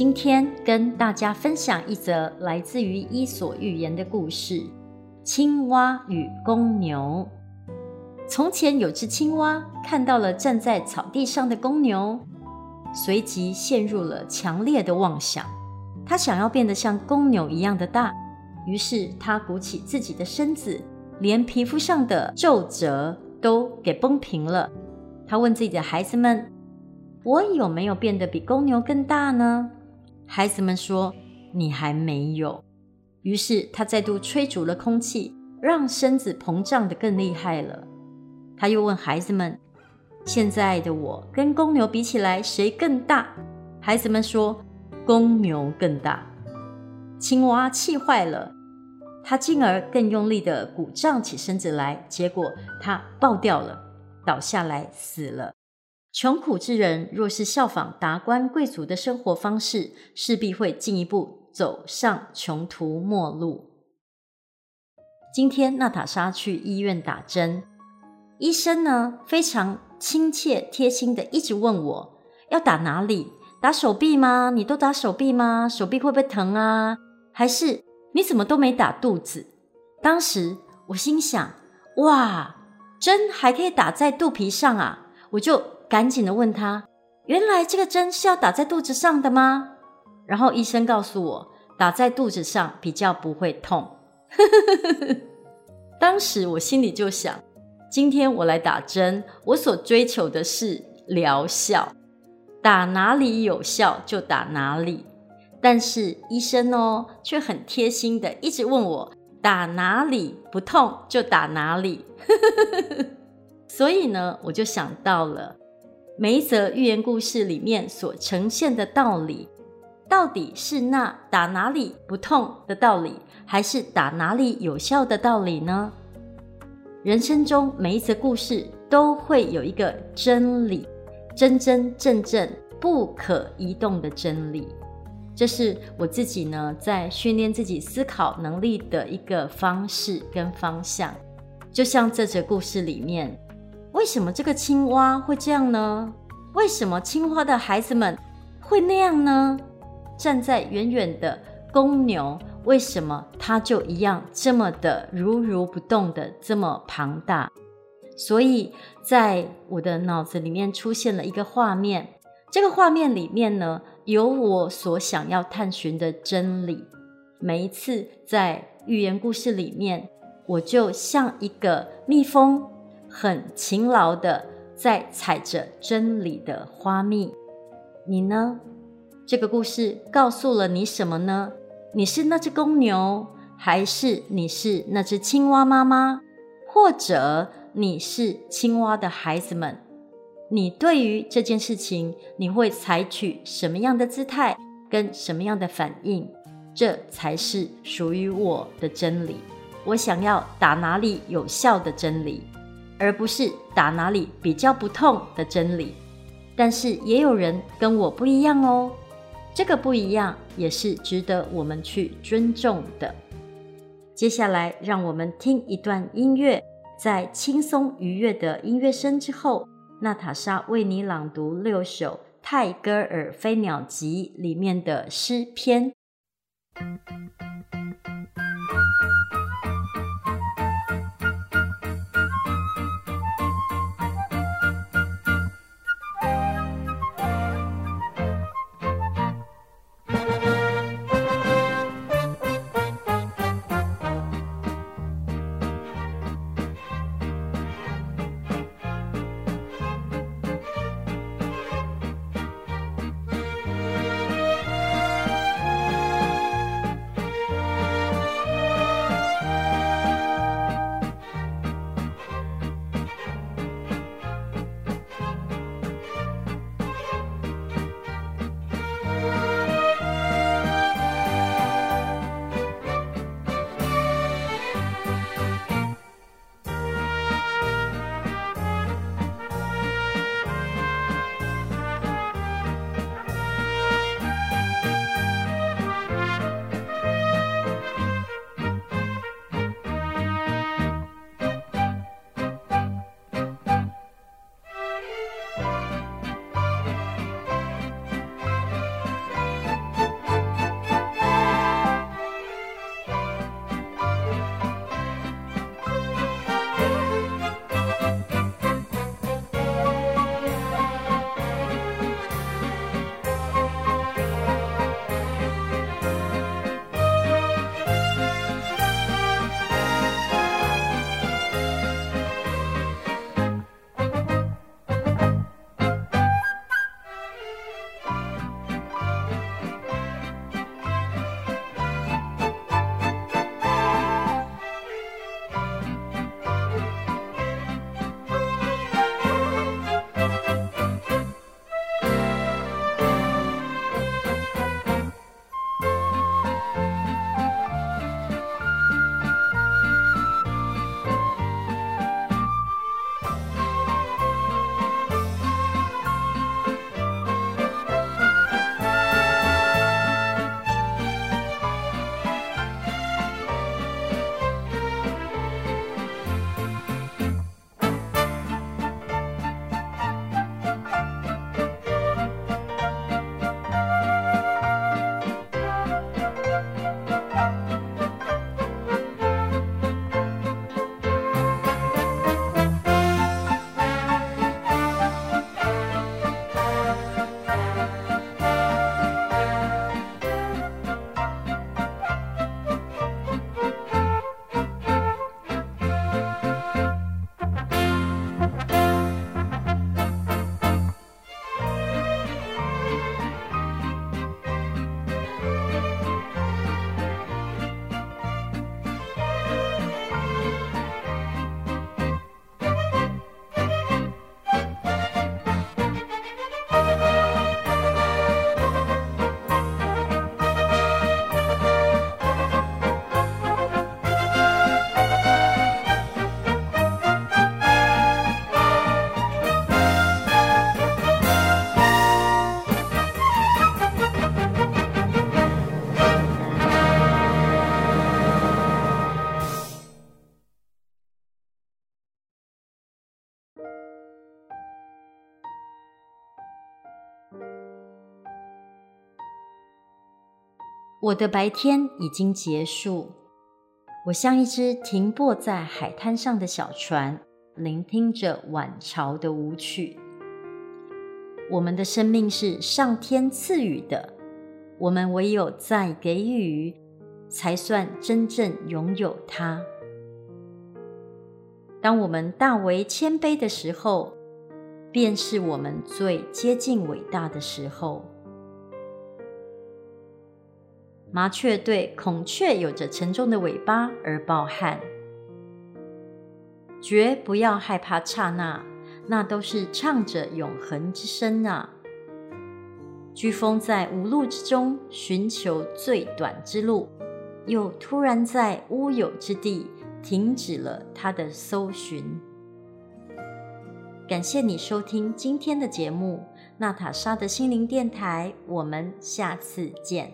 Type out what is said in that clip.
今天跟大家分享一則來自於《伊索寓言》的故事：青蛙與公牛。從前有隻青蛙看到了站在草地上的公牛，隨即陷入了強烈的妄想。他想要變得像公牛一樣的大，於是他鼓起自己的身子，連皮膚上的皺褶都給繃平了。他問自己的孩子們：“我有沒有變得比公牛更大呢？”孩子們說：“你還沒有。”於是他再度吹足了空氣，讓身子膨脹得更厲害了。他又問孩子們：“現在的我跟公牛比起來，誰更大？”孩子們說：“公牛更大。”青蛙氣壞了，他進而更用力地鼓脹起身子來，結果他爆掉了，倒下來死了。窮苦之人若是效仿達官貴族的生活方式，勢必會進一步走上窮途末路。今天娜塔莎去醫院打針，醫生呢非常親切貼心的一直問我要打哪裡，打手臂嗎？你都打手臂嗎？手臂會不會疼啊？還是你怎麼都沒打肚子？當時我心想：哇，針還可以打在肚皮上啊！我就。趕緊的問他，原來這個針是要打在肚子上的嗎？然後醫生告訴我，打在肚子上比較不會痛。 當時我心裡就想，今天我來打針，我所追求的是療效，打哪裡有效就打哪裡。但是醫生哦，卻很貼心的一直問我，打哪裡不痛就打哪裡。 所以呢，我就想到了。每一則寓言故事裡面所呈現的道理，到底是那打哪裡不痛的道理，還是打哪裡有效的道理呢？人生中每一則故事都會有一個真理，真真正正不可移動的真理。這，就是我自己呢在訓練自己思考能力的一個方式跟方向。就像這則故事裡面。為什麼這個青蛙會這樣呢？為什麼青蛙的孩子們會那樣呢？站在遠遠的公牛，為什麼它就一樣這麼的如如不動的這麼龐大？所以在我的腦子裡面出現了一個畫面，這個畫面裡面呢，有我所想要探尋的真理。每一次在寓言故事裡面，我就像一個蜜蜂。很勤勞的在採着真理的花蜜，你呢？這個故事告訴了你什麼呢？你是那隻公牛，還是你是那隻青蛙媽媽，或者你是青蛙的孩子們？你對於這件事情，你會採取什麼樣的姿態跟什麼樣的反應？這才是屬於我的真理。我想要打哪裡有效的真理？而不是打哪裡比較不痛的真理，但是也有人跟我不一樣哦，這個不一樣也是值得我們去尊重的。接下來，讓我們聽一段音樂，在輕鬆愉悅的音樂聲之後，娜塔莎為你朗讀六首泰戈爾《飛鳥集》裡面的詩篇。我的白天已經結束，我像一隻停泊在海灘上的小船，聆聽着晚潮的舞曲。我們的生命是上天賜予的，我們唯有在給予，才算真正擁有它。當我們大為謙卑的時候，便是我們最接近偉大的時候。麻雀對孔雀有着沉重的尾巴而抱憾，絕不要害怕剎那，那都是唱着永恆之聲啊！颶風在無路之中尋求最短之路，又突然在烏有之地停止了他的搜尋。感謝你收聽今天的節目，《娜塔莎的心靈電台》，我們下次見。